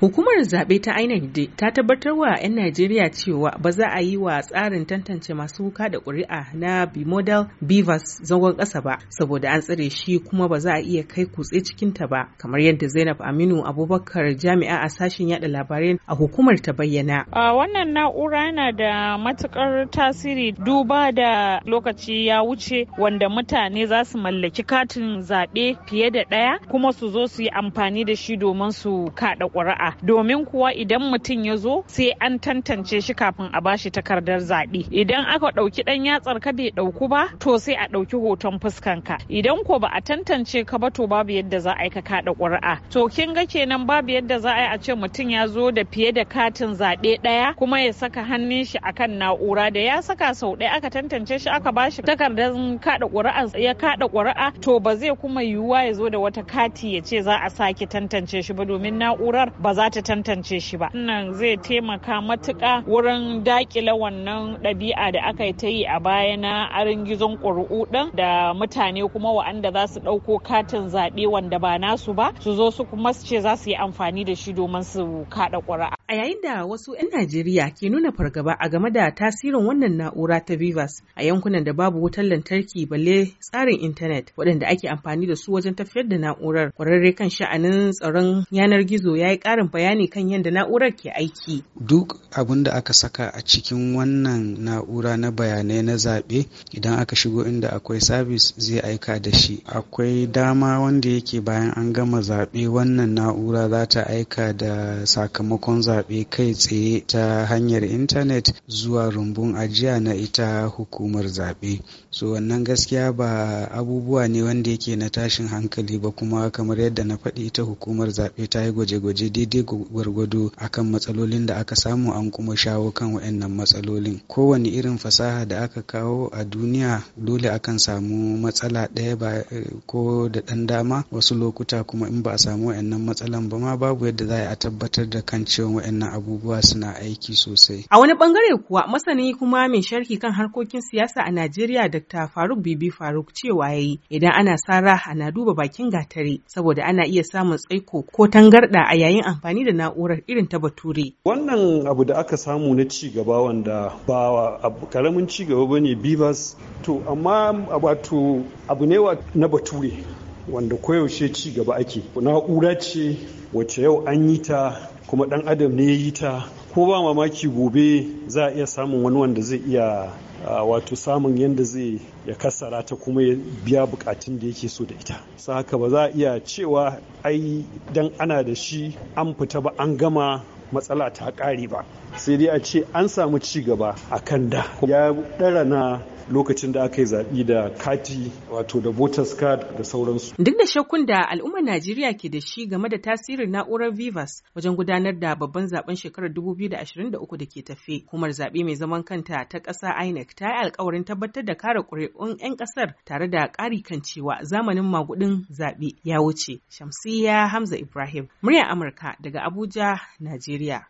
Hukumar zaɓe ta INEC ta tabbatar wa 'yan Najeriya cewa ba za a yi wa tsarin tantance masu wuka da ƙuri'a na bimodal Beavers zangon ƙasa ba, saboda an tsare shi kuma ba za a iya kai kutse cikinta ba, kamar yadda Zainab Aminu Abubakar jami'a a sashen yada labarai a hukumar ta bayyana. Uh, wannan na'ura yana da matukar tasiri duba da lokaci ya wuce wanda mutane za su mallaki katin zaɓe fiye da ɗaya kuma su zo su yi amfani da shi domin su kaɗa ƙuri'a. a'a domin kuwa idan mutum ya zo sai an tantance shi kafin a bashi takardar zaɓe idan aka ɗauki ɗan yatsar ka bai ɗauku ba to sai a ɗauki hoton fuskan ka idan ko ba a tantance ka ba to babu yadda za a yi ka kaɗa ƙuri'a to kin ga kenan babu yadda za a yi a ce mutum ya zo da fiye da katin zaɓe ɗaya kuma ya saka hannun shi akan na'ura da ya saka sau ɗaya aka tantance shi aka bashi takardar kaɗa ƙuri'a ya kaɗa ƙuri'a to ba zai kuma yiwuwa ya zo da wata kati ya ce za a sake tantance shi ba domin na'urar ba za ta tantance shi ba wannan zai taimaka matuka wurin dakile wannan ɗabi'a da aka yi ta yi a baya na arin gizon ƙuri'u ɗin da mutane kuma wa'anda za su ɗauko katin zaɓe wanda ba nasu ba su zo su kuma su ce za su yi amfani da shi domin su kaɗa ƙuri'a A yayin da wasu 'yan Najeriya ke nuna fargaba a game da tasirin wannan na'ura ta Vivas a yankunan da babu wutar lantarki balle tsarin intanet waɗanda ake amfani da su wajen tafiyar da na'urar. Kwararre kan sha'anin tsaron yanar gizo ya yi ƙarin bayani kan yadda na'urar ke aiki. Duk abin da aka saka a cikin wannan na'ura na bayanai na zaɓe idan aka shigo inda akwai sabis zai aika da shi. Akwai dama wanda yake bayan an gama zaɓe wannan na'ura za ta aika da sakamakon zaɓe. zaɓe kai tsaye ta hanyar intanet zuwa rumbun ajiya na ita hukumar zaɓe so wannan gaskiya ba abubuwa ne wanda yake na tashin hankali ba kuma kamar yadda na faɗi ita hukumar zaɓe ta yi gwaje-gwaje daidai gwargwado akan matsalolin da aka samu an kuma shawo kan waɗannan matsalolin kowane irin fasaha da aka kawo a duniya dole akan samu matsala ɗaya ba ko da ɗan dama wasu lokuta kuma in ba a samu waɗannan matsalan ba ma babu yadda za a tabbatar da kan cewa waɗannan abubuwa suna aiki sosai. A wani bangare kuwa masani kuma mai sharhi kan harkokin siyasa a Najeriya Dr. Faruk Bibi Faruk cewa yayi idan ana sara ana duba bakin gatare saboda ana iya samun tsaiko ko tangarɗa a yayin amfani da na'urar irin ta bature. Wannan abu da aka samu na ci gaba wanda ba karamin ci gaba bane Bivas to amma wato abu ne na bature wanda koyaushe ci gaba ake na'ura ce wacce yau an yi ta kuma dan adam ne ya yi ta ko ba mamaki gobe za a iya samun wani wanda zai iya wato samun yadda zai ya kassara ta kuma ya biya bukatun da yake so da ita sa haka ba za a iya cewa ai dan ana da shi an fita ba an gama matsala ta ƙare ba sai dai a ce an samu ci gaba a kan da ya ɗara na lokacin da aka yi zaɓi da kati wato da voters card da sauransu. Duk da shakkun da al'ummar Najeriya ke da shi game da tasirin na'urar Vivas wajen gudanar da babban zaben shekarar 2023 da ke tafe, kuma zaɓe mai zaman kanta ta ƙasa INEC ta yi alkawarin tabbatar da kare ƙuri'un 'yan ƙasar tare da ƙari kan cewa zamanin magudin zaɓe ya wuce. Shamsiyya Hamza Ibrahim, muryar Amurka daga Abuja, Najeriya. seguiría